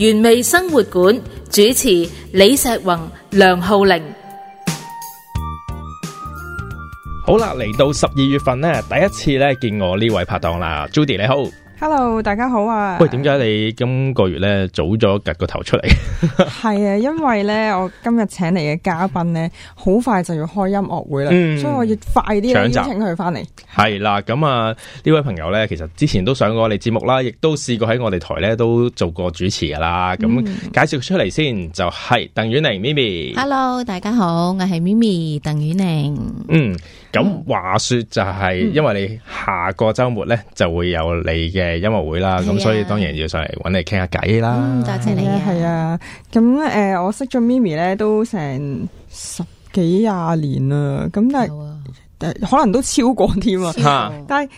原味生活館主持李石宏、梁浩玲，好啦，嚟到十二月份咧，第一次咧見我呢位拍檔啦，Judy，你好。hello，大家好啊！喂，點解你今個月咧早咗趷個頭出嚟？係 啊，因為咧我今日請嚟嘅嘉賓咧，好 快就要開音樂會啦，嗯、所以我要快啲咧拾請佢翻嚟。係啦，咁啊呢位朋友咧，其實之前都上過我哋節目啦，亦都試過喺我哋台咧都做過主持噶啦。咁介紹出嚟先，就係、是、鄧婉玲咪咪。Mimi、hello，大家好，我係咪咪鄧婉玲。嗯。咁、嗯、話説就係，因為你下個周末咧就會有你嘅音樂會啦，咁、啊、所以當然要上嚟揾你傾下偈啦。嗯，多謝，謝你。係啊，咁誒、啊呃，我識咗 Mimi 咧都成十幾廿年啦，咁但係誒、啊、可能都超過添啊。 但係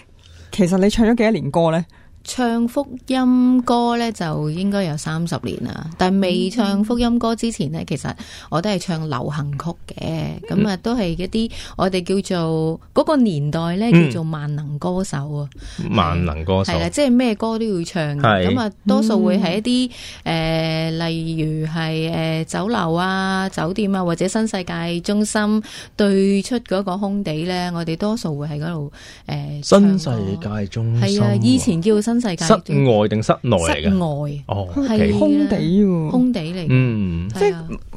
其實你唱咗幾多年歌咧？唱福音歌咧就應該有三十年啦，但係未唱福音歌之前咧，其實我都係唱流行曲嘅，咁啊、嗯、都係一啲我哋叫做、嗰個年代咧、嗯、叫做萬能歌手啊，萬能歌手係啊，即係咩歌都要唱是會唱，咁啊多數會喺一啲誒例如係誒酒樓啊、酒店啊或者新世界中心對出嗰個空地咧，我哋多數會喺嗰度誒新世界中心係啊，以前叫新。室外定室內嚟嘅，外哦係空地嘅，空地嚟。嗯，即係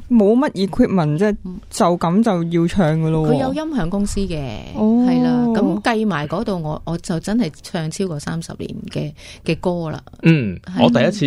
冇乜嘢 equipment，即係就咁就要唱嘅咯。佢有音響公司嘅，係啦。咁計埋嗰度，我我就真係唱超過三十年嘅嘅歌啦。嗯，我第一次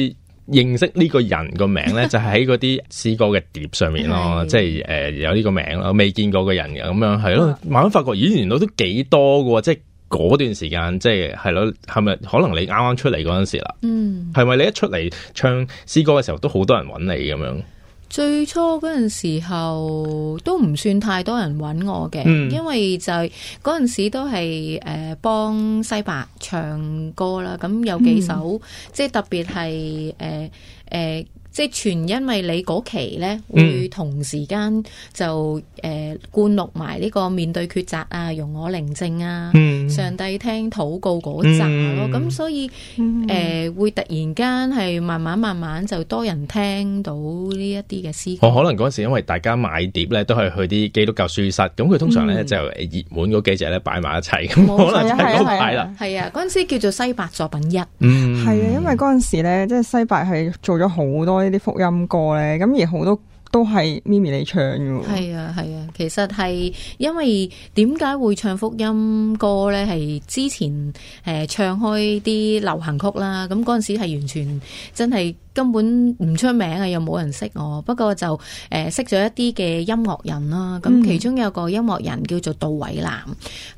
認識呢個人個名咧，就喺嗰啲詩歌嘅碟上面咯，即係誒有呢個名咯，未見過個人嘅咁樣係咯。慢慢發覺原來都幾多嘅，即係。嗰段時間即係咯，係咪可能你啱啱出嚟嗰陣時啦？嗯，係咪你一出嚟唱詩歌嘅時候，都好多人揾你咁樣？最初嗰陣時候都唔算太多人揾我嘅，嗯、因為就係嗰陣時都係誒、呃、幫西伯唱歌啦。咁有幾首、嗯、即係特別係誒誒，即係全因為你嗰期呢，會同時間就誒灌錄埋呢個面對抉擇啊，容我寧靜啊，嗯上帝聽禱告嗰扎咯，咁、嗯、所以誒、嗯呃、會突然間係慢慢慢慢就多人聽到呢一啲嘅詩歌、哦、可能嗰陣時因為大家買碟咧都係去啲基督教書室，咁佢通常咧、嗯、就熱門嗰幾隻咧擺埋一齊，冇錯可能喺嗰排啦。係啊，嗰陣、啊啊、時叫做西伯作品一，嗯，係啊，因為嗰陣時咧即係西伯係做咗好多呢啲福音歌咧，咁而好多。都係咪咪你唱嘅喎？係啊，係啊，其實係因為點解會唱福音歌咧？係之前誒、呃、唱開啲流行曲啦，咁嗰陣時係完全真係。根本唔出名啊，又冇人識我。不過就誒、呃、識咗一啲嘅音樂人啦，咁、嗯、其中有個音樂人叫做杜偉南，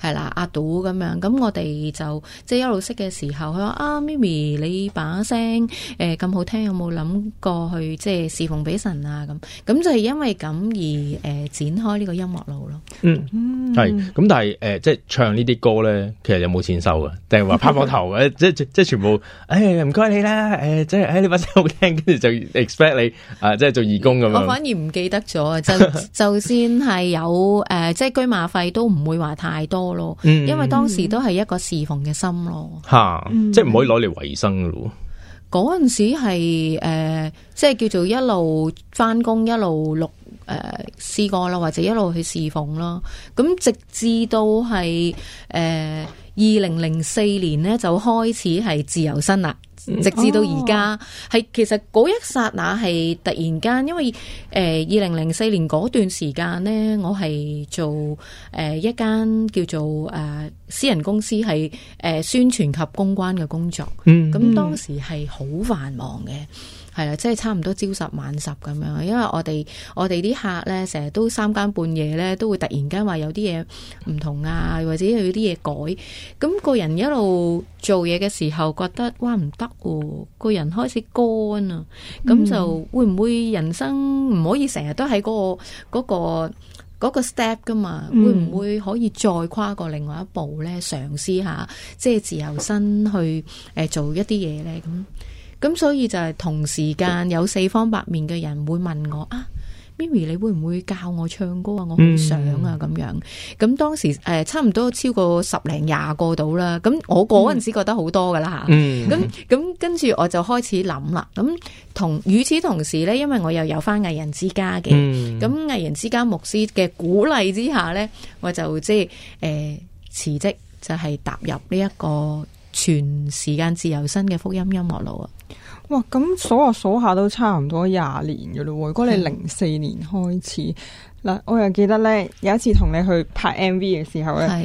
係啦，阿杜咁樣。咁我哋就即係一路識嘅時候，佢話啊咪咪，你把聲誒咁好聽，有冇諗過去即係侍奉俾神啊？咁咁就係因為咁而誒展開呢個音樂路咯。嗯，係、嗯。咁、嗯嗯、但係誒、呃、即係唱呢啲歌咧，其實有冇錢收啊定係話拍膊頭嘅？ 即係即係全部？誒唔該你啦。誒、呃、即係誒、哎、你把跟住就 expect 你啊、呃，即係做義工咁樣。我反而唔記得咗， 就就算係有誒、呃，即係居馬費都唔會話太多咯。 因為當時都係一個侍奉嘅心咯。吓，即係唔可以攞嚟維生噶喎。嗰陣 時係誒、呃，即係叫做一路返工一路錄誒試歌啦，或者一路去侍奉啦。咁直至到係誒。呃二零零四年咧就開始係自由身啦，直至到而家，係其實嗰一剎那係突然間，因為誒二零零四年嗰段時間呢，我係做誒、呃、一間叫做誒、呃、私人公司係誒、呃、宣傳及公關嘅工作，咁、mm hmm. 當時係好繁忙嘅。係啦，即係 差唔多朝十晚十咁樣，因為我哋我哋啲客咧，成日都三更半夜咧，都會突然間話有啲嘢唔同啊，或者有啲嘢改，咁、那個人一路做嘢嘅時候，覺得哇唔得喎，個人開始乾啊，咁就會唔會人生唔可以成日都喺嗰、嗰個、嗰個、嗰個 step 噶嘛？會唔會可以再跨過另外一步咧？嘗試下即係自由身去誒、呃、做一啲嘢咧？咁。咁所以就係同時間有四方八面嘅人會問我啊，Mimi 你會唔會教我唱歌啊？我好想啊咁、嗯、樣。咁當時誒、呃、差唔多超過十零廿個度啦。咁我嗰陣時覺得好多噶啦吓。咁咁跟住我就開始諗啦。咁同與此同時咧，因為我又有翻藝人之家嘅，咁藝、嗯、人之家牧師嘅鼓勵之下咧，我就即係誒辭職，呃、就係踏入呢一個全時間自由身嘅福音音樂路啊。哇，咁數下數下都差唔多廿年嘅咯，如果你零四年開始，嗱、嗯，我又記得咧，有一次同你去拍 MV 嘅時候咧，是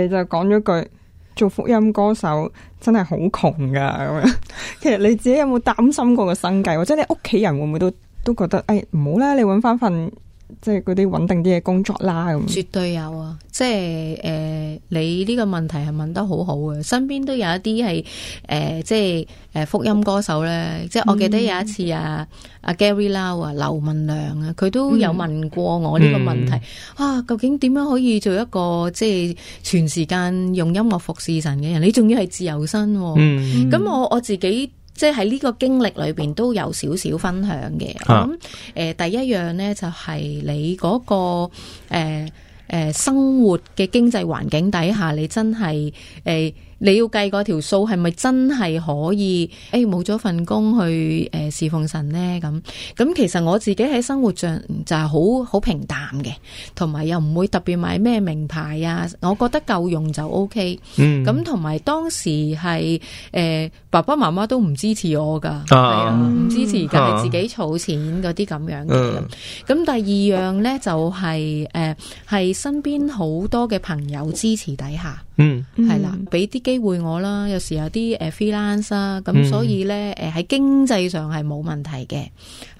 你就講咗句，做福音歌手真係好窮噶咁樣。 其實你自己有冇擔心過個生計？或者你屋企人會唔會都都覺得誒唔、哎、唔好啦，你搵翻份。即係嗰啲穩定啲嘅工作啦，咁。絕對有啊！即係誒、呃，你呢個問題係問得好好啊。身邊都有一啲係誒，即係誒、呃、福音歌手咧。即係我記得有一次啊，阿 Gary Lau 啊，劉文亮啊，佢都有問過我呢個問題。嗯、啊，究竟點樣可以做一個即係全時間用音樂服侍神嘅人？你仲要係自由身、哦。嗯、咁、嗯、我我自己。即係喺呢個經歷裏邊都有少少分享嘅，我諗，誒、啊嗯呃，第一樣呢，就係、是、你嗰，那個誒誒、呃呃、生活嘅經濟環境底下，你真係誒。呃你要計嗰條數係咪真係可以？誒、哎，冇咗份工去誒、呃、侍奉神呢？咁咁，其實我自己喺生活上就係好好平淡嘅，同埋又唔會特別買咩名牌啊。我覺得夠用就 OK。嗯，咁同埋當時係誒、呃、爸爸媽媽都唔支持我噶，係啊，唔、啊、支持噶、啊、自己儲錢嗰啲咁樣嘅。咁、嗯、第二樣呢，就係、是、誒，係、呃、身邊好多嘅朋友支持底下。嗯，係啦，俾啲機會我啦，有時有啲誒、呃、freelance 啦、嗯呃、啊，咁所以咧，誒喺經濟上係冇問題嘅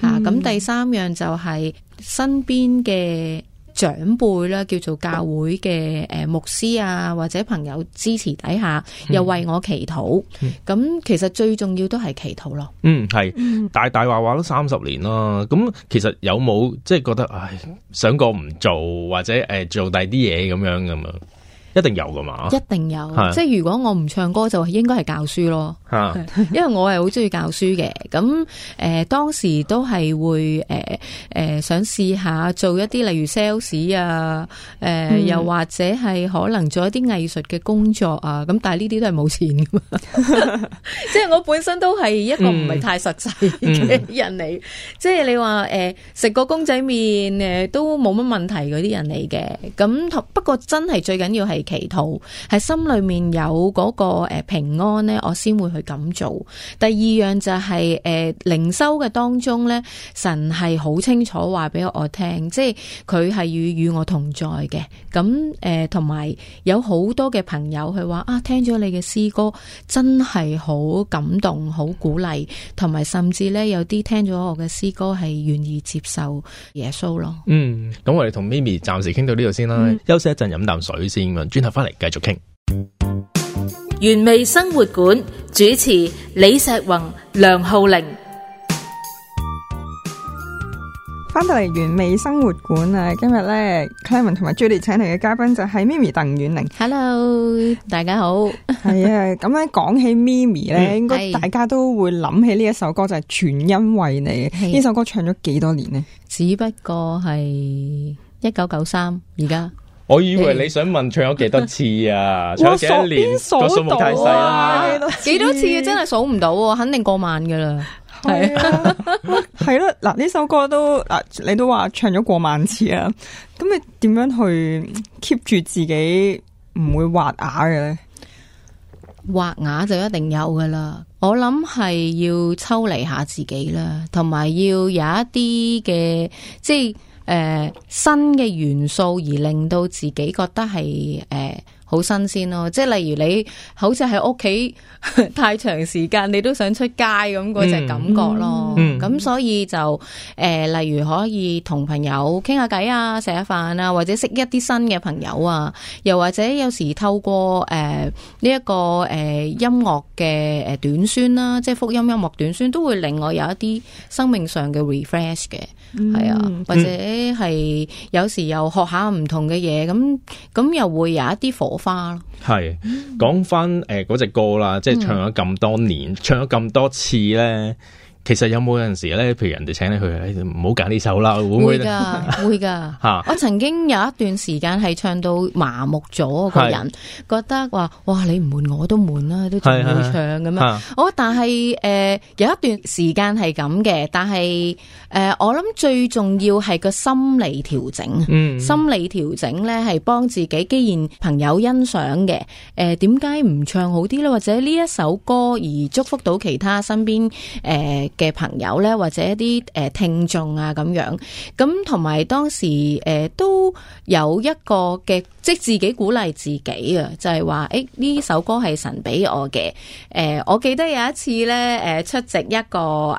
吓。咁第三樣就係身邊嘅長輩啦，叫做教會嘅誒、呃、牧師啊，或者朋友支持底下，又為我祈禱。咁、嗯嗯、其實最重要都係祈禱咯。嗯，係、嗯、大大話話都三十年啦。咁其實有冇即係覺得唉，想過唔做或者誒、呃、做第啲嘢咁樣噶嘛？一定有噶嘛？一定有，是即係如果我唔唱歌，就應該係教書咯。啊，因為我係好中意教書嘅。咁誒、呃，當時都係會誒誒、呃呃，想試下做一啲例如 sales 啊，誒、呃，嗯、又或者係可能做一啲藝術嘅工作啊。咁但係呢啲都係冇錢噶嘛。 即係我本身都係一個唔係太實際嘅人嚟，嗯嗯、 即係你話誒食個公仔麵誒都冇乜問題啲人嚟嘅。咁不過真係最緊要係。祈禱係心裏面有嗰個誒平安呢，我先會去咁做。第二樣就係誒靈修嘅當中呢，神係好清楚話俾我聽，即係佢係與與我同在嘅。咁、嗯、誒，同埋有好多嘅朋友佢話啊，聽咗你嘅詩歌真係好感動、好鼓勵，同埋甚至呢，有啲聽咗我嘅詩歌係願意接受耶穌咯。嗯，咁我哋同咪咪 m i 暫時傾到呢度先啦，嗯、休息一陣飲啖水先轉頭翻嚟繼續傾，原味生活館主持李石宏、梁浩玲，翻到嚟原味生活館啊！今日咧，Clement 同埋朱麗請嚟嘅嘉賓就係 Mimi 鄧婉玲。Hello，大家好。係啊，咁樣講起 Mimi 咧，應該大家都會諗起呢一首歌就係全因為你。呢首歌唱咗幾多年咧？只不過係一九九三而家。我以為你想問唱咗幾多次啊？唱咗幾多年？個數目太細啦，幾多， 多次真係數唔到，肯定過萬噶啦。係 啊，係咯、 啊。嗱，呢首歌都嗱，你都話唱咗過萬次啊。咁你點樣去 keep 住自己唔會滑牙嘅咧？滑牙就一定有噶啦。我諗係要抽離下自己啦，同埋要有一啲嘅即係。誒、呃、新嘅元素而令到自己覺得係誒。呃好新鮮咯，即係例如你好似喺屋企太長時間，你都想出街咁，隻感覺咯。咁、嗯嗯、所以就誒、呃、例如可以同朋友傾下偈啊，食下飯啊，或者識一啲新嘅朋友啊，又或者有時透過誒呢一個誒、呃、音樂嘅誒短宣啦、啊，即係福音音樂短宣，都會令我有一啲生命上嘅 refresh 嘅，係、嗯、啊，或者係有時又學下唔同嘅嘢，咁咁、嗯嗯、又會有一啲火。花咯，係講翻誒嗰隻歌啦，即係唱咗咁多年，嗯、唱咗咁多次咧。其實有冇有陣時咧，譬如人哋請你去，唔好揀呢首啦，會唔會㗎？會㗎。吓，我曾經有一段時間係唱到麻木咗，個人覺得話，哇，你唔悶我都悶啦，都仲要唱咁樣。我但係誒有一段時間係咁嘅，但係誒我諗最重要係個心理調整。嗯，心理調整咧係幫自己。既然朋友欣賞嘅，誒，點解唔唱好啲咧？或者呢一首歌而祝福到其他身邊誒？嘅朋友咧，或者一啲誒、呃、聽眾啊，咁樣，咁同埋當時誒、呃、都有一個嘅。即自己鼓勵自己啊，就係話誒呢首歌係神俾我嘅。誒、呃、我記得有一次咧，誒、呃、出席一個誒誒、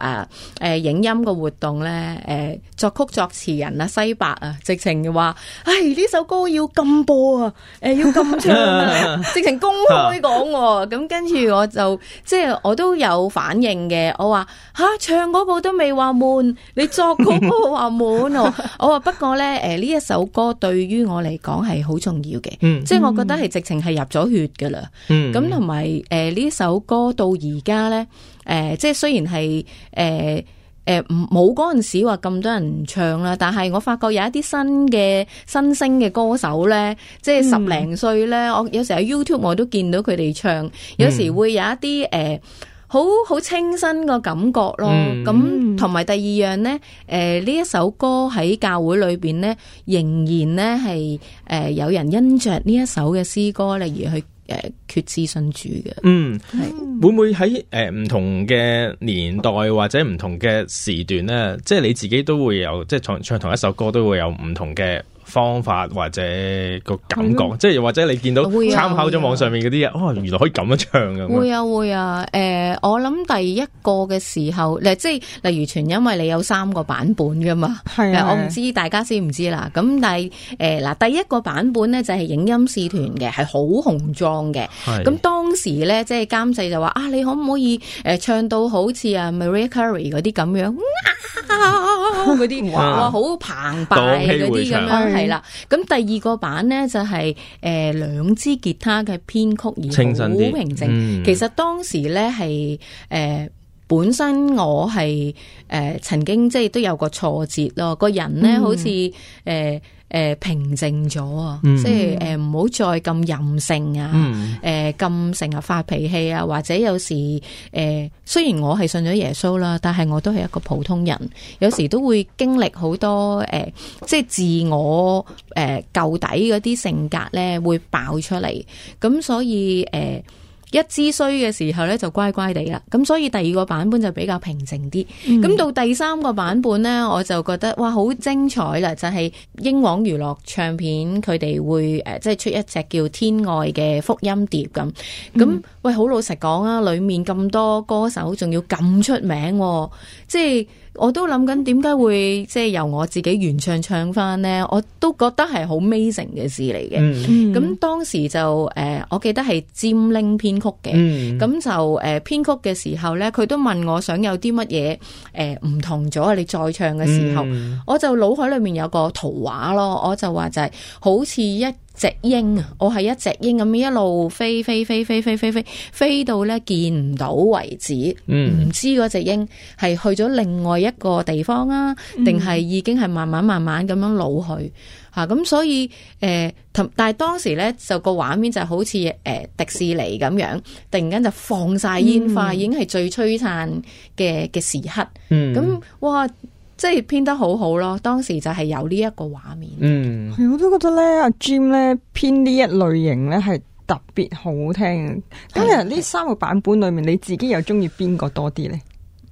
呃、影音嘅活動咧，誒、呃、作曲作詞人啊西伯啊，直情話唉呢首歌要禁播啊，誒、呃、要禁唱啊， 直情公開講、啊。咁跟住我就即係我都有反應嘅，我話吓、啊、唱嗰個都未話悶，你作嗰個話悶、啊。 我話不過咧，誒呢一首歌對於我嚟講係好重。重要嘅，嗯、即係我覺得係直情係入咗血㗎喇。咁同埋誒呢首歌到而家咧，誒、呃、即係雖然係誒誒冇嗰陣時話咁多人唱啦，但係我發覺有一啲新嘅新星嘅歌手咧，即係十零歲咧，嗯、我有時喺 YouTube 我都見到佢哋唱，有時會有一啲誒。呃好好清新嘅感覺咯，咁同埋第二樣呢，誒、呃、呢一首歌喺教會裏邊呢，仍然呢係誒、呃、有人因着呢一首嘅詩歌，例如去誒、呃、決志信主嘅。嗯，是會唔會喺誒唔同嘅年代或者唔同嘅時段呢？即係你自己都會有，即係唱唱同一首歌都會有唔同嘅。方法或者個感覺，嗯、即係又或者你見到參考咗網上面嗰啲人，啊啊、哦，原來可以咁樣唱嘅、啊。會啊會啊，誒、呃，我諗第一個嘅時候，誒，即係例如全因為你有三個版本嘅嘛。係啊的、呃，我唔知大家知唔知啦。咁但係誒嗱，第一個版本呢，就係、是、影音使團嘅，係好雄壯嘅。係的。咁當時咧，即係監製就話啊，你可唔可以誒唱到好似啊 Mariah Carey 嗰啲咁樣？啊 啲哇好、啊、澎湃嗰啲咁樣係啦，咁第二個版咧就係誒兩支吉他嘅編曲而好平靜。嗯、其實當時咧係誒本身我係誒、呃、曾經即係都有個挫折咯，個人咧好似誒。嗯呃誒、呃，平靜咗啊！嗯、即係誒，唔、呃、好再咁任性啊！誒、嗯呃，咁成日發脾氣啊！或者有時，誒、呃，雖然我係信咗耶穌啦，但係我都係一個普通人，有時都會經歷好多誒、呃，即係自我誒、呃、舊底嗰啲性格呢會爆出嚟，咁所以誒、呃一支衰嘅時候咧就乖乖地啦，咁所以第二個版本就比較平靜啲。咁、嗯、到第三個版本呢，我就覺得哇好精彩啦！就係、是、英皇娛樂唱片佢哋會誒、呃、即係出一隻叫《天外》嘅福音碟咁。咁、嗯、喂，好老實講啊，裏面咁多歌手仲要咁出名、哦，即係。我都諗緊點解會即係由我自己原唱唱翻呢？我都覺得係好 mazing 嘅事嚟嘅。咁、mm hmm. 當時就誒、呃，我記得係占拎編曲嘅。咁、mm hmm. 就誒，編、呃、曲嘅時候呢，佢都問我想有啲乜嘢誒唔同咗。你再唱嘅時候，mm hmm. 我就腦海裏面有個圖畫咯，我就話就係、是、好似一。隻鷹啊，我係一隻鷹咁一路飛飛飛飛飛飛飛飛，飛，飛到咧見唔到為止，唔、嗯、知嗰隻鷹係去咗另外一個地方啊，定係已經係慢慢慢慢咁樣老去吓？咁、啊、所以誒、呃，但係當時咧就個畫面就好似誒、呃、迪士尼咁樣，突然間就放晒煙花，嗯、已經係最璀璨嘅嘅時刻，咁、嗯、哇！即係編得好好咯，當時就係有呢一個畫面。嗯，係 我都覺得咧，阿 Jim 咧編呢編一類型咧係特別好聽。咁啊，呢三個版本裏面，你自己又中意邊個多啲咧？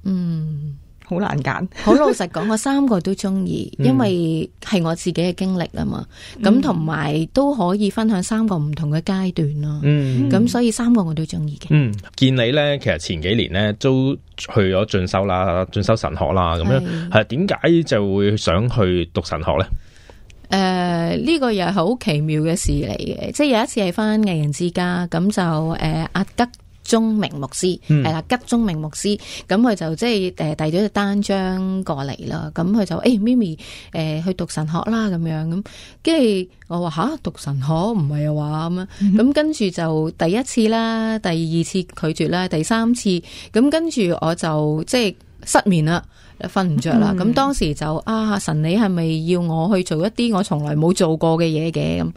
嗯。好難揀，好 老實講，我三個都中意，因為係我自己嘅經歷啦嘛。咁同埋都可以分享三個唔同嘅階段咯。咁、嗯、所以三個我都中意嘅。嗯，見你呢，其實前幾年呢都去咗進修啦，進修神學啦，咁樣係點解就會想去讀神學呢？誒、呃、呢、呢個又係好奇妙嘅事嚟嘅，即係有一次系翻藝人之家，咁就誒、呃、阿德。中明牧師係啦，吉中明牧師，咁佢、嗯、就即係誒遞咗隻單張過嚟啦，咁佢就誒、欸、咪咪誒、呃、去讀神學啦咁樣咁，跟住我話吓讀神學唔係啊話咁樣，咁跟住就第一次啦，第二次拒絕啦，第三次咁跟住我就即係失眠啦。瞓唔着啦，咁當時就啊，神你係咪要我去做一啲我從來冇做過嘅嘢嘅咁？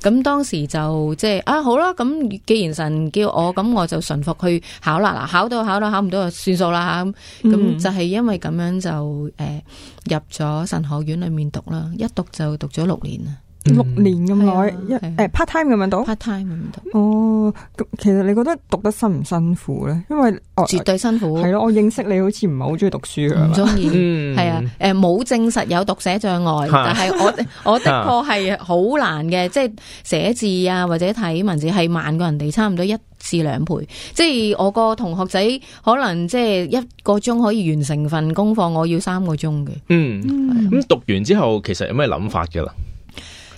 咁當時就即係啊，好啦，咁既然神叫我，咁我就順服去考啦，嗱，考到考到考唔到就算數啦吓，咁，啊、就係因為咁樣就誒、呃、入咗神學院裏面讀啦，一讀就讀咗六年啊。六年咁耐？一誒 part time 咁樣讀 part time 咁樣讀哦，咁其實你覺得讀得辛唔辛苦咧？因為絕對辛苦係咯。我認識你好似唔係好中意讀書噶，唔中意係啊。誒，冇證實有讀寫障礙，但係我我的確係好難嘅，即係寫字啊或者睇文字係慢過人哋差唔多一至兩倍。即係我個同學仔可能即係一個鐘可以完成份功課，我要三個鐘嘅。嗯，咁讀完之後其實有咩諗法噶啦？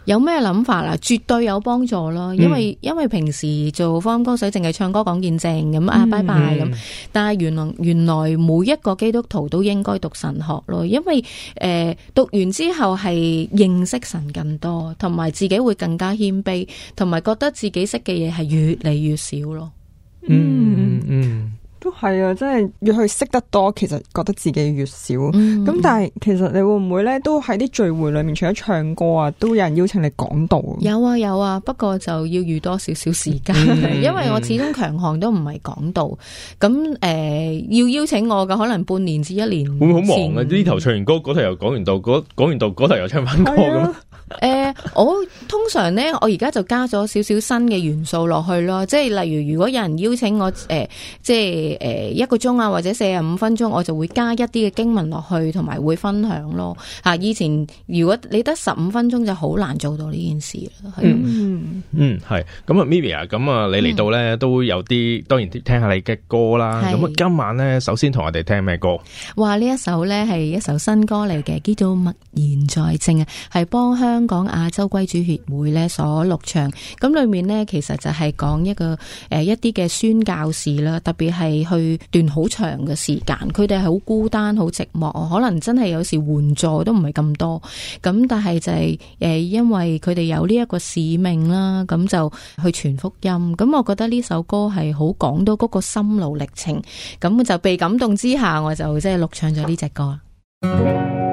有咩諗法啊？絕對有幫助咯，因為、嗯、因為平時做福音歌手淨係唱歌講見證咁啊，嗯、拜拜咁。但係原來原來每一個基督徒都應該讀神學咯，因為誒、呃、讀完之後係認識神更多，同埋自己會更加謙卑，同埋覺得自己識嘅嘢，係越嚟越少咯。嗯嗯。嗯都係啊，真係越去識得多，其實覺得自己越少。咁、嗯、但係其實你會唔會咧，都喺啲聚會裏面，除咗唱歌啊，都有人邀請你講道。有啊有啊，不過就要預多少少時間，嗯、 因為我始終強項都唔係講道。咁誒、嗯 呃，要邀請我嘅可能半年至一年。會好忙啊？呢頭唱完歌，嗰頭又講完道，嗰講完道，嗰頭又唱翻歌咁。是的 誒、呃，我通常咧，我而家就加咗少少新嘅元素落去咯，即係例如如果有人邀請我，誒、呃，即係誒一個鐘啊，或者四十五分鐘，我就會加一啲嘅經文落去，同埋會分享咯。吓，以前如果你得十五分鐘就好難做到呢件事。係嗯嗯，係、嗯。咁啊，Mia，咁啊，嗯、ilia, 你嚟到咧都有啲，當然聽下你嘅歌啦。咁啊、嗯，今晚咧，首先同我哋聽咩歌？話呢一首咧係一首新歌嚟嘅，叫做默然在正啊，係幫香香港亞洲歸主協會咧所錄唱，咁裏面咧其實就係講一個誒一啲嘅宣教士啦，特別係去段好長嘅時間，佢哋係好孤單、好寂寞，可能真係有時援助都唔係咁多，咁但係就係誒因為佢哋有呢一個使命啦，咁就去傳福音，咁我覺得呢首歌係好講到嗰個心路歷程，咁就被感動之下，我就即係錄唱咗呢隻歌。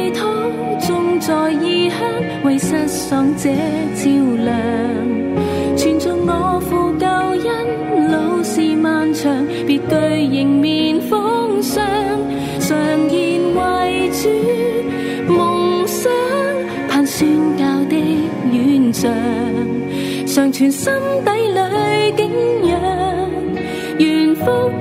在異鄉為失喪者照亮，傳頌我父救恩，路是漫長，別具迎面風霜，常言為主，夢想盼宣教的遠翔，常存心底裏景仰，願福。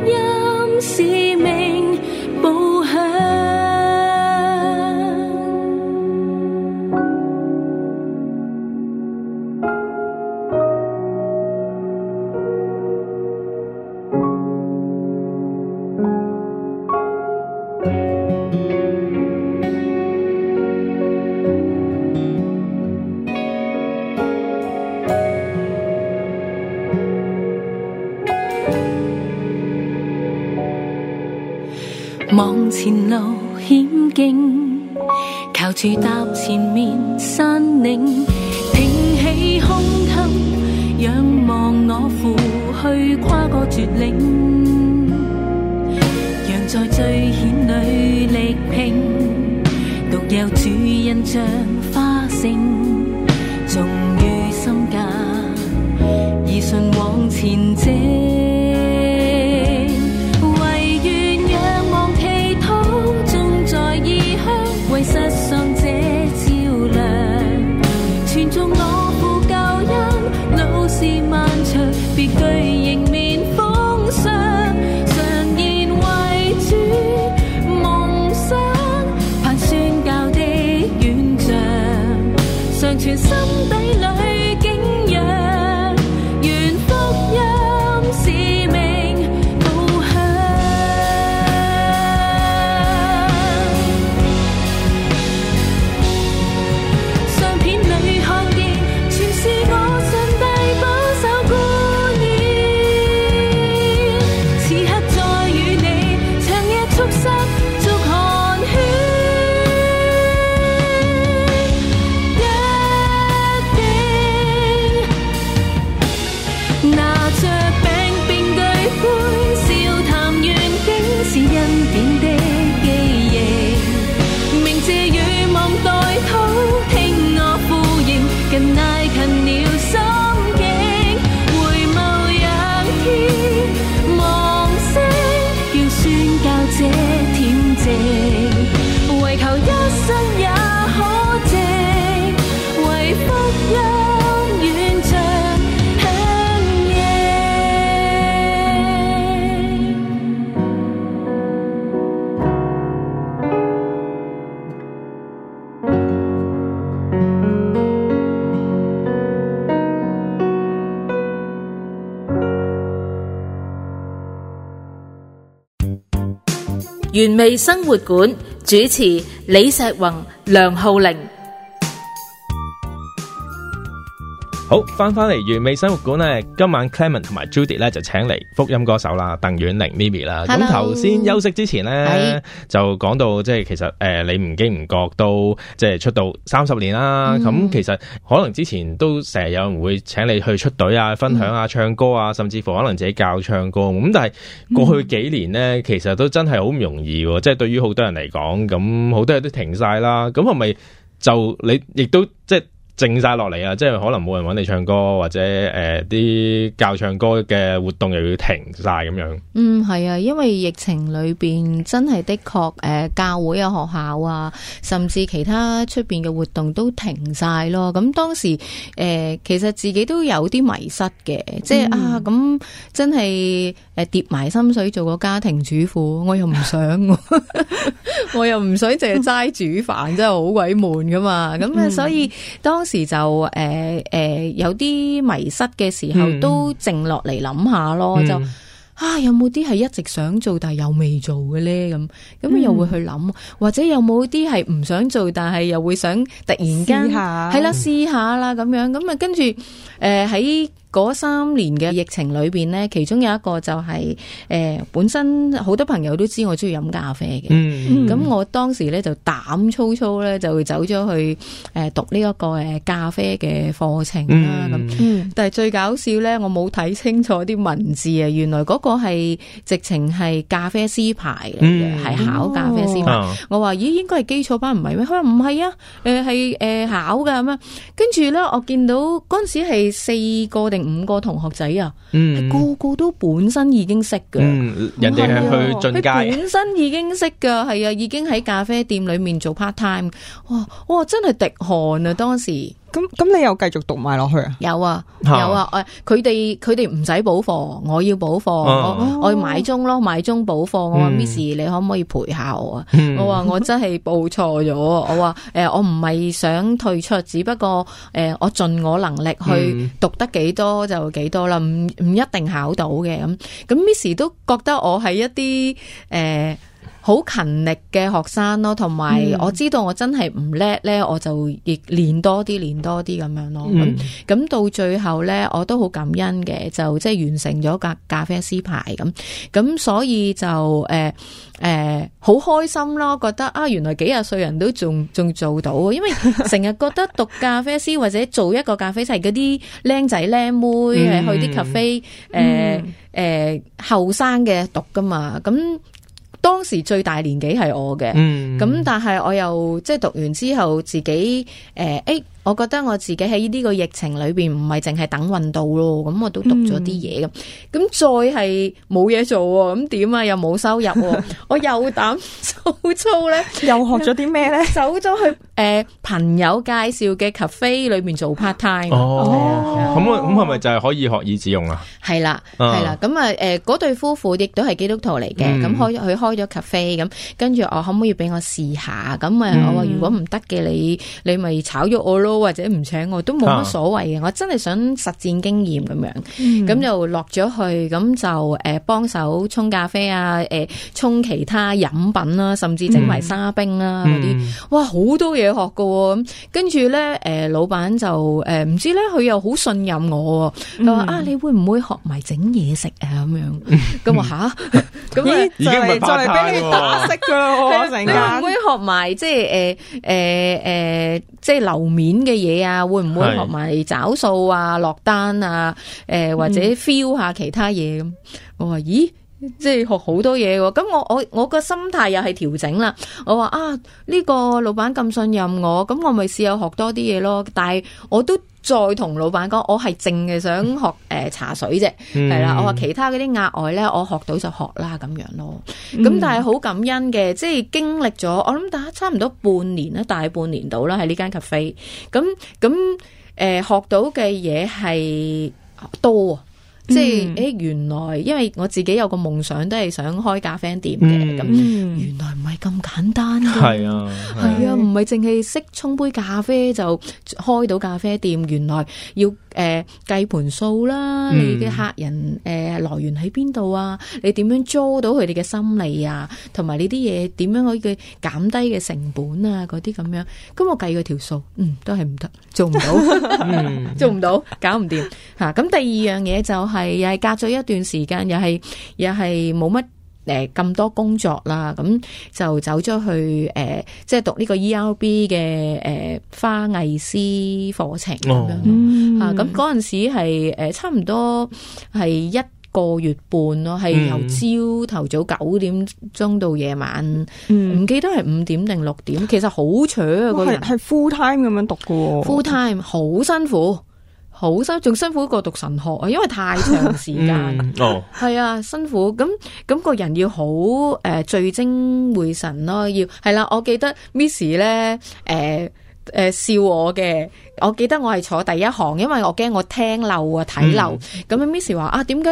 去跨過絕嶺，讓在最險裏力拼，獨有主印象花盛，縱於心間，以信往前進。原味生活館主持李石宏、梁浩玲。好，翻翻嚟完美生活館咧，今晚 Clement 同埋 Judy 咧就請嚟福音歌手啦，鄧婉玲 Mimi 啦。咁頭先休息之前咧，Hey. 就講到即係其實誒、呃，你唔經唔覺都即係出道三十年啦。咁、mm hmm. 其實可能之前都成日有人會請你去出隊啊，分享啊，唱歌啊，甚至乎可能自己教唱歌。咁但係過去幾年咧，其實都真係好唔容易，啊，mm hmm. 即係對於好多人嚟講，咁好多人都停晒啦。咁係咪就你亦都即係？靜晒落嚟啊！即係可能冇人揾你唱歌，或者誒啲、呃、教唱歌嘅活動又要停晒咁樣。嗯，係啊，因為疫情裏邊真係的確誒、呃，教會啊、學校啊，甚至其他出邊嘅活動都停晒咯。咁當時誒、呃，其實自己都有啲迷失嘅，即係、嗯、啊，咁真係誒跌埋心水做個家庭主婦，我又唔想、啊， 我又唔想淨係齋煮飯，真係好鬼悶㗎嘛。咁啊，所以，、嗯、所以當。時就誒誒、呃呃，有啲迷失嘅時候、嗯、都靜落嚟諗下想想咯，嗯、就啊有冇啲係一直想做但係又未做嘅咧咁，咁又會去諗，嗯、或者有冇啲係唔想做但係又會想突然間係啦試下啦咁樣，咁啊跟住誒喺。呃三年嘅疫情裏邊咧，其中有一個就係、是、誒、呃、本身好多朋友都知我中意飲咖啡嘅，咁、嗯、我當時咧就膽粗粗咧就走咗去誒讀呢一個誒咖啡嘅課程啦咁。嗯、但係最搞笑咧，我冇睇清楚啲文字啊，原來個係直情係咖啡師牌嚟嘅，係、嗯、考咖啡師牌。哦、我話咦，應該係基礎班唔係咩？佢話唔係啊，誒係誒考嘅咁啊。跟住咧，我見到陣時係四個定？五個同學仔啊，嗯、個個都本身已經識嘅，嗯、哇人哋係去進階，本身已經識噶，係啊，已經喺咖啡店裏面做 part time，哇哇真係滴汗啊，當時。咁咁，你又繼續讀埋落去啊？有啊，有啊，誒，佢哋佢哋唔使補課，我要補課，我要買鐘咯，買鐘補課。我話 Miss，你可唔可以陪下我啊？我話我真係報錯咗，我話誒，我唔係想退出，只不過誒，我盡我能力去讀得幾多就幾多啦，唔唔一定考到嘅咁。咁 Miss 都覺得我係一啲誒。好勤力嘅學生咯，同埋我知道我真係唔叻咧，我就亦練多啲，練多啲咁樣咯。咁咁、嗯嗯、到最後咧，我都好感恩嘅，就即係完成咗咖咖啡師牌咁。咁、嗯、所以就誒誒好開心咯，覺得啊原來幾廿歲人都仲仲做到，因為成日覺得讀咖啡師或者做一個咖啡師係嗰啲僆仔僆妹係去啲咖啡 f e 誒後生嘅讀噶嘛，咁、嗯。嗯當時最大年紀係我嘅，咁、嗯、但係我又即係、就係、讀完之後自己誒 A。呃欸我覺得我自己喺呢個疫情裏邊唔係淨係等運到咯，咁我都讀咗啲嘢咁，咁再係冇嘢做，咁點啊？又冇收入，我又膽粗粗咧，又學咗啲咩咧？走咗去誒朋友介紹嘅 cafe 裏面做 part time。哦，咁咁係咪就係可以學以致用啊？係啦，係啦，咁啊誒嗰對夫婦亦都係基督徒嚟嘅，咁開佢開咗 cafe，咁跟住我可唔可以俾我試下？咁啊我話如果唔得嘅，你你咪炒咗我咯。或者唔請我都冇乜所謂嘅，我真係想實戰經驗咁樣，咁就落咗去，咁就誒幫手沖咖啡啊，誒沖其他飲品啦，甚至整埋沙冰啦嗰啲，哇好多嘢學噶，咁跟住咧誒老闆就誒唔知咧，佢又好信任我，佢話啊，你會唔會學埋整嘢食啊，咁樣，咁話吓，咦，就係再俾你打識噶啦，你會唔會學埋即係誒誒誒即係樓面？嘅嘢啊，會唔會學埋找數啊、是落單啊？誒、呃，或者 feel 下其他嘢咁？嗯、我話咦？即係學好多嘢喎，咁我我我個心態又係調整啦。我話啊，呢、這個老闆咁信任我，咁我咪試下學多啲嘢咯。但係我都再同老闆講，我係淨係想學誒、呃、茶水啫，係啦。嗯、我話其他嗰啲額外咧，我學到就學啦，咁樣咯。咁但係好感恩嘅，即係經歷咗我諗大家差唔多半年啦，大半年到啦，喺呢間 cafe。咁咁誒學到嘅嘢係多。即係，誒、欸，原來因為我自己有個夢想，都係想開咖啡店嘅，咁、嗯、原來唔係咁簡單嘅，係啊，係啊，唔係淨係識沖杯咖啡就開到咖啡店，原來要誒、呃、計盤數啦，嗯、你嘅客人誒、呃、來源喺邊度啊，你點樣捉到佢哋嘅心理啊，同埋你啲嘢點樣可以減低嘅成本啊，啲咁樣，咁我計佢條數，嗯，都係唔得，做唔到，嗯、 做唔到，搞唔掂，吓、啊，咁第二樣嘢就係、是。係又係隔咗一段時間，又係又係冇乜誒咁多工作啦，咁就走咗去誒、呃，即係讀呢個 E、ER、L B 嘅誒、呃、花藝師課程咁樣。哦、啊，咁嗰陣時係誒差唔多係一個月半咯，係由朝頭早九點鐘到夜晚，唔、嗯、記得係五點定六點。其實好長啊，係係 full time 咁樣讀嘅喎、啊，full time 好 辛苦。好辛，仲辛苦過讀神學啊，因為太長時間啦、 嗯。哦，係啊，辛苦。咁咁、咁個人要好誒、呃，聚精會神咯，要係啦。我記得 Miss 咧誒。呃誒、嗯， 啊、笑我嘅，我記得我係坐第一行，因為我驚我聽漏啊睇漏。咁啊，Miss 話啊，點解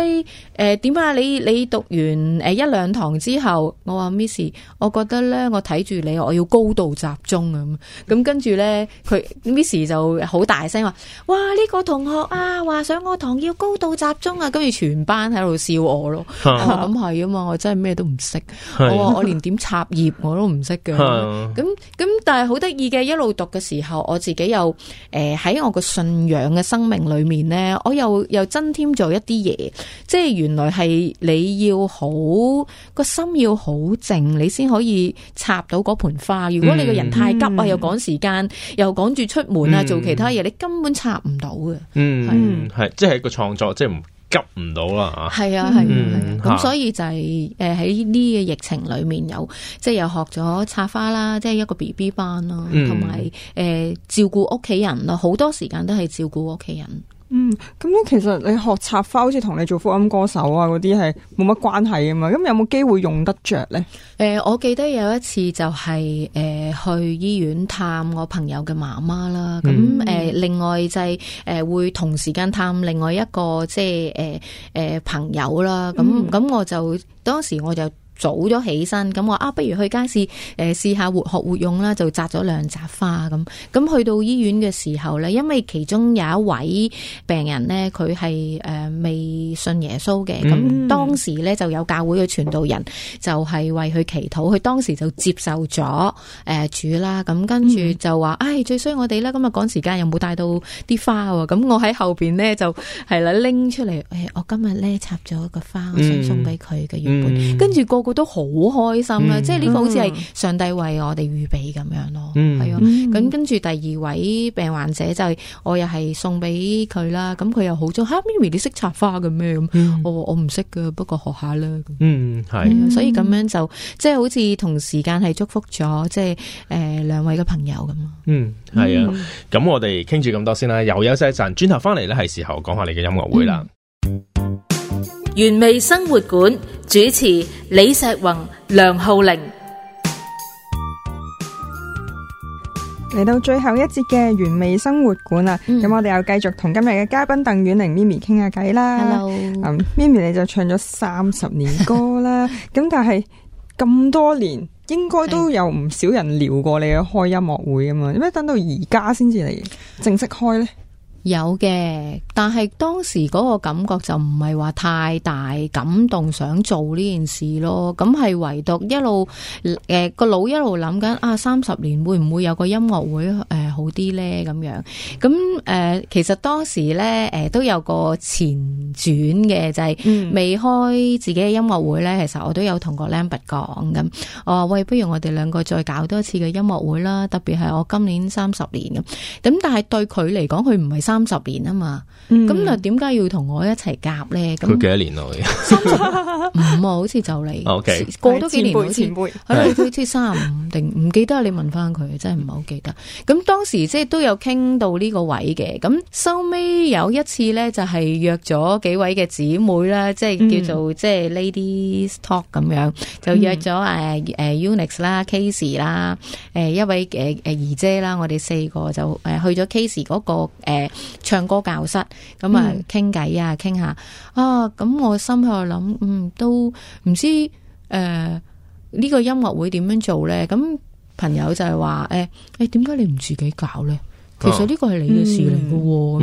誒點啊？啊嗯、你你讀完誒一兩堂之後，我話 Miss，y，我覺得咧，我睇住你，我要高度集中啊。咁咁跟住咧，佢 Miss 就好大聲話，哇呢、這個同學啊，話上我堂要高度集中啊。跟住全班喺度笑我咯，咁係 啊、啊、啊嘛，我真係咩都唔識。我話我連點插頁我都唔識嘅。咁咁但係好得意嘅，一路讀嘅時候我自己又誒喺、呃、我個信仰嘅生命裏面咧，我又又增添咗一啲嘢，即係原來係你要好個心要好靜，你先可以插到嗰盆花。如果你個人太急啊，嗯、又趕時間，嗯、又趕住出門啊，嗯、做其他嘢，你根本插唔到嘅。嗯，係是即係一個創作，即係唔。急唔到啦，係啊，係啊，係、嗯、啊，咁、啊、所以就係誒喺呢個疫情裏面有，有即係又學咗插花啦，即係一個 BB 班啦，同埋誒照顧屋企人咯，好多時間都係照顧屋企人。嗯，咁咧其實你學插花好似同你做福音歌手啊，嗰啲係冇乜關係啊嘛，咁有冇機會用得着咧？誒、呃，我記得有一次就係、是、誒、呃、去醫院探我朋友嘅媽媽啦，咁誒、嗯呃、另外就係、是、誒、呃、會同時間探另外一個即係誒誒朋友啦，咁咁、嗯、我就當時我就。早咗起身，咁我啊，不如去街市，誒試下活學活用啦，就摘咗兩扎花咁。咁去到醫院嘅時候咧，因為其中有一位病人咧，佢係誒未信耶穌嘅，咁、嗯、當時咧就有教會嘅傳道人就係為佢祈禱，佢當時就接受咗誒主啦。咁、呃、跟住就話，唉、嗯哎，最衰我哋咧今日趕時間，有冇帶到啲花啊？咁我喺後邊咧就係啦，拎出嚟，誒、哎，我今日咧插咗一個花，我想送俾佢嘅原本，跟住個。嗯嗯我都好開心啦，啊，嗯，即係呢個好似係上帝為我哋預備咁樣咯，係，嗯，啊。咁，嗯，跟住第二位病患者就係，我又係送俾佢啦。咁佢又好中，哈咪咪你識插花嘅咩？我我唔識噶，不過學下啦。嗯，係啊。所以咁樣就即係好似同時間係祝福咗，即係誒兩位嘅朋友咁嗯，係啊。咁我哋傾住咁多先啦，又休息一陣，轉頭翻嚟咧係時候講下你嘅音樂會啦。嗯原味生活館主持李石宏、梁浩玲，嚟到最後一節嘅原味生活館、嗯、啦。咁我哋又繼續同今日嘅嘉賓鄧婉玲咪咪傾下偈啦。Hello，咪咪你就唱咗三十年歌啦。咁 但係咁多年，應該都有唔少人撩過你開音樂會啊嘛。點解是等到而家先至嚟正式開呢？有嘅。但係當時嗰個感覺就唔係話太大感動，想做呢件事咯。咁係唯獨一路誒、呃、個腦一路諗緊啊，三十年會唔會有個音樂會誒、呃、好啲呢？咁樣咁誒，其實當時呢，誒、呃、都有個前傳嘅，就係、是、未開自己嘅音樂會呢、嗯、其實我都有同個 Lambert 講咁，我話喂，不如我哋兩個再搞多一次嘅音樂會啦，特別係我今年三十年咁。咁但係對佢嚟講，佢唔係三十年啊嘛。咁啊？點解、嗯、要同我一齊夾咧？咁幾多年咯？三五啊？好似就嚟。O K。過多幾年好似。前輩，前輩。係啦，好似卅五定唔記得？你問翻佢，真係唔係好記得。咁當時即係都有傾到呢個位嘅。咁收尾有一次咧，就係、是、約咗幾位嘅姊妹啦，即係叫做、嗯、即係 Ladies Talk 咁樣，就約咗誒誒 Eunice 啦，Casey 啦，誒一位誒誒二姐啦，我哋四個就誒去咗 Casey 嗰、那個誒唱歌教室。咁、嗯、啊，傾偈啊，傾下啊，咁我心喺度諗，嗯，都唔知誒呢、呃呢個音樂會點樣做呢。咁朋友就係話，誒、哎，誒、哎，點解你唔自己搞呢？」其實呢個係你嘅事嚟嘅，咁、嗯、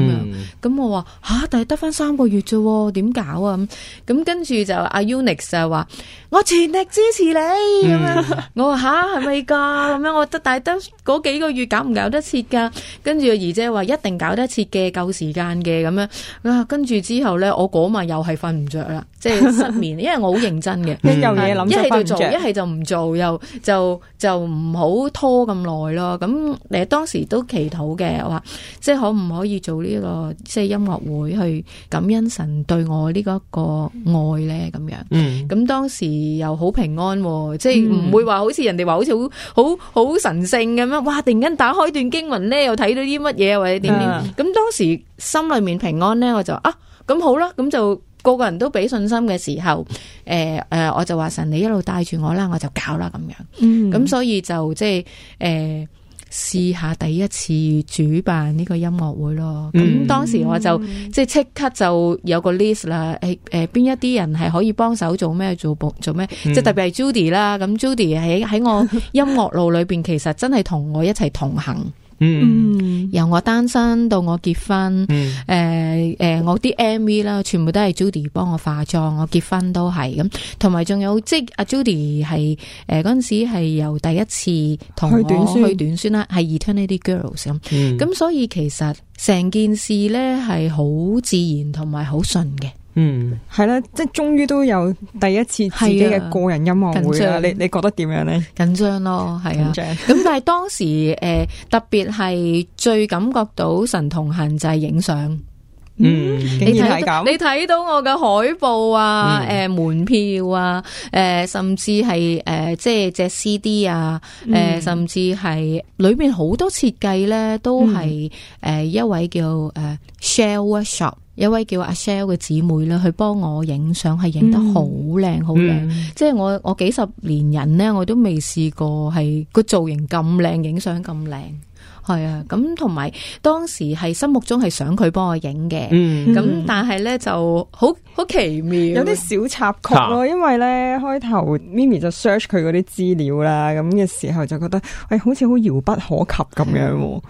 樣咁、嗯、我話吓、啊，但係得翻三個月啫，點搞啊？咁跟住就阿 Unix 就話我全力支持你咁樣，嗯、我話吓係咪噶？咁樣，是是 我得但係得嗰幾個月搞唔搞得切噶？跟住阿姨姐話一定搞得切嘅，夠時間嘅咁樣啊。跟住之後咧，我嗰晚又係瞓唔着啦。即係失眠。 因為我好認真嘅，一有嘢諗一係就做，一係就唔做，又就就唔好拖咁耐咯。咁你當時都祈禱嘅，話即係可唔可以做呢、這個即係音樂會去感恩神對我呢一個愛咧？咁樣，咁、嗯、當時又好平安，即係唔會話好似人哋話好似好好好神聖咁樣。哇！突然間打開段經文咧，又睇到啲乜嘢，或者點點，咁、嗯嗯、當時心裏面平安咧，我就我啊，咁、啊、好啦，咁、啊、就。個個人都俾信心嘅時候，誒、呃、誒、呃，我就話神，你一路帶住我啦，我就搞啦咁樣，咁、嗯、所以就即係誒試下第一次主辦呢個音樂會咯。咁、嗯、當時我就即係即，即刻就有個 list 啦，誒、欸、誒，邊、呃、一啲人係可以幫手做咩做做咩，嗯、即係特別係 Judy 啦。咁 Judy 喺喺我音樂路裏邊，其實真係同我一齊同行。 嗯，mm hmm. 由我單身到我結婚，誒誒、mm hmm. 呃呃，我啲 MV 啦，全部都係 Judy 幫我化妝，我結婚都係咁，同埋仲有即阿、啊、Judy 係誒嗰陣時係由第一次同我去短宣啦，係 Eternity Girls 咁，咁、mm hmm. 所以其實成件事咧係好自然同埋好順嘅。嗯，係啦，即係終於都有第一次自己嘅個人音樂會啦。你你覺得點樣咧？緊張咯，係啊。緊張。咁但係當時誒，特別係最感覺到神同行就係影相。嗯，你睇。你睇到我嘅海報啊，誒，門票啊，誒，甚至係誒，即係隻 CD 啊，誒，甚至係裏面好多設計咧，都係誒一位叫誒 Shell Workshop。有位叫阿 Shell 嘅姊妹咧，佢幫我影相，係影得好靚好靚。即係我我幾十年人咧，我都未試過係個造型咁靚，影相咁靚。係啊，咁同埋當時係心目中係想佢幫我影嘅。咁、嗯、但係咧、嗯、就好好奇妙，有啲小插曲咯。因為咧開頭 Mimi 就 search 佢嗰啲資料啦，咁嘅時候就覺得，誒、哎，好似好遙不可及咁樣。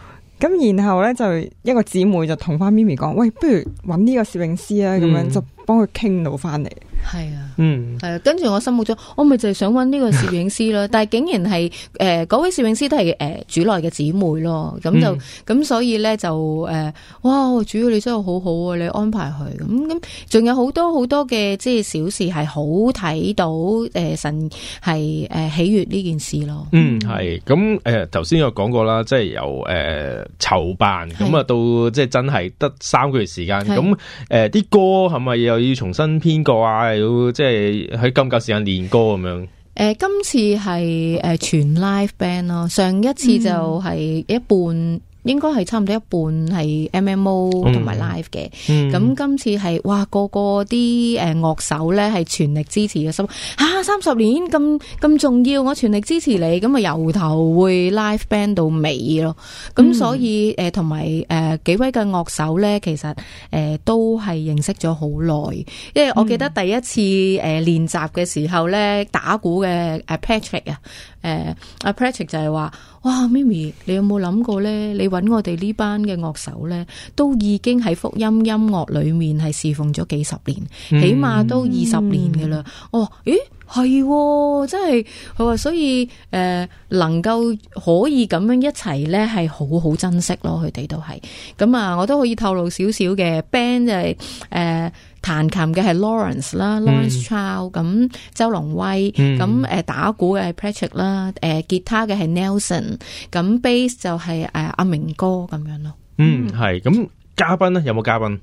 咁然後咧就一個姊妹就同返咪咪講，喂，不如搵呢個攝影師啊，咁樣就幫佢傾到返嚟。嗯係啊，嗯，係啊，跟住我心目中，我咪就係想揾呢個攝影師咯，但係竟然係誒嗰位攝影師都係誒主內嘅姊妹咯，咁就咁所以咧就誒，哇，主要你真係好好啊，你安排佢咁咁，仲有好多好多嘅即係小事係好睇到誒神係誒喜悦呢件事咯。嗯，係咁誒，頭先有講過啦，即係由誒籌辦咁啊，到即係真係得三個月時間，咁誒啲歌係咪又要重新編過啊？即係喺咁隔時間練歌咁樣。誒、呃，今次係誒、呃、全 live band 咯，上一次就係一半、嗯。應該係差唔多一半係 M M O 同埋、嗯、live 嘅，咁今、嗯、次係哇，個個啲誒樂手咧係全力支持嘅，心嚇三十年咁咁重要，我全力支持你，咁啊由頭會 live band 到尾咯，咁、嗯、所以誒同埋誒幾位嘅樂手咧，其實誒、呃、都係認識咗好耐，因為我記得第一次誒、呃、練習嘅時候咧，打鼓嘅誒 Patrick 啊。誒阿、啊、Patrick 就係話：哇，Mimi，你有冇諗過呢？你揾我哋呢班嘅樂手呢，都已經喺福音音樂裏面係侍奉咗幾十年，起碼都二十年㗎喇。嗯、哦，咦，係、哦，真係佢話，所以誒、呃、能夠可以咁樣一齊呢，係好好珍惜咯。佢哋都係咁啊，我都可以透露少少嘅 band 就係、是、誒。呃彈琴嘅係 Lawrence 啦，Lawrence Chow 咁，周龍威咁，誒、嗯、打鼓嘅係 Patrick 啦，誒吉他嘅係 Nelson，咁 Bass 就係誒阿明哥咁樣咯。嗯，係咁、嗯、嘉賓咧有冇嘉賓？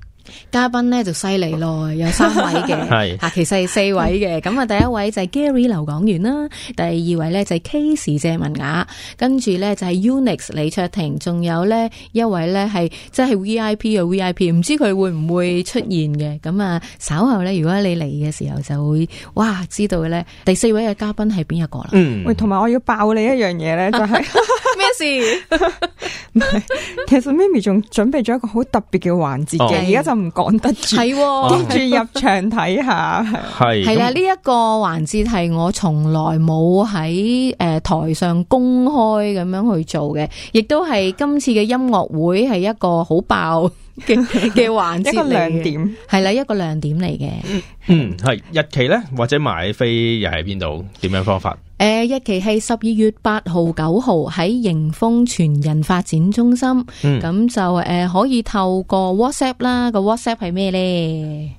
嘉賓咧就犀利咯，有三位嘅， 是其實係四位嘅。咁啊，第一位就係 Gary 劉港元啦，第二位咧就係 Case 謝文雅，跟住咧就係 Unix 李卓婷，仲有咧，一位咧係即係 V I P 嘅 V I P，唔知佢會唔會出現嘅。咁啊，稍後咧如果你嚟嘅時候，就會哇知道咧第四位嘅嘉賓係邊一個啦。嗯，喂，同埋我要爆你一樣嘢咧，就係、是。 咩事？唔係， 其實咪咪仲準備咗一個好特別嘅環節嘅，而家，哦，就唔講得住，係，跟住入場睇下，係係啦，呢一、 這個環節係我從來冇喺誒台上公開咁樣去做嘅，亦都係今次嘅音樂會，係一個好爆嘅嘅環節，一個亮點，係啦，一個亮點嚟嘅。嗯，係日期咧，或者買飛又喺邊度？點樣方法？誒，呃、一期日期係十二月八號、九號喺迎豐全人發展中心，咁、嗯、就誒、呃、可以透過 WhatsApp 啦，個 WhatsApp 係咩呢？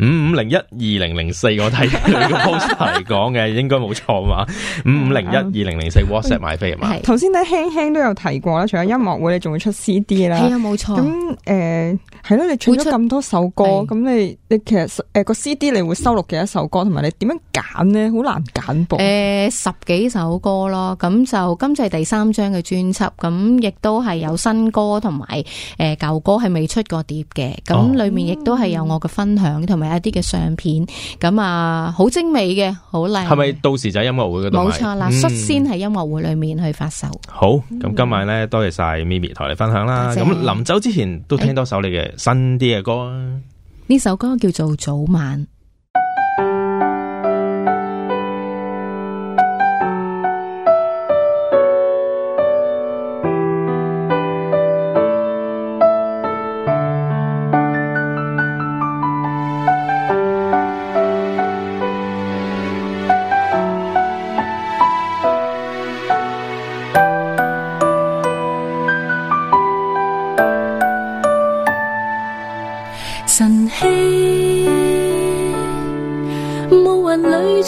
五五零一二零零四，我睇個 post 嚟講嘅， 應該冇錯嘛。五五零一二零零四 WhatsApp 買飛係嘛？頭先咧，輕輕都有提過啦，除咗音樂會，你仲會出 CD 啦。係啊，冇錯。咁誒，係、呃、咯，你出咗咁多首歌，咁出你你其實誒個、呃、CD 你會收錄幾多首歌？同埋你點樣揀呢？好難揀噃。誒、呃，十幾首歌咯，咁就今次係第三張嘅專輯，咁亦都係有新歌同埋誒舊歌係未出過碟嘅，咁裏面亦都係有我嘅分享同埋。一啲嘅相片，咁啊，好精美嘅，好靚。係咪到時就喺音樂會嗰度？冇錯啦，嗯、率先喺音樂會裏面去發售。好，咁今晚咧，嗯、多謝晒咪咪同你分享啦。咁臨謝走之前，都聽多首你嘅新啲嘅歌啊。呢、哎、首歌叫做《早晚》。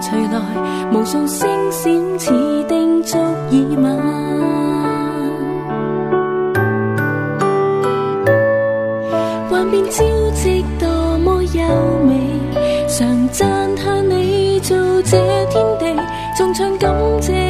隨來無數星閃，似定足耳聞。幻變交織多麼優美，常讚嘆你造這天地，縱唱感謝。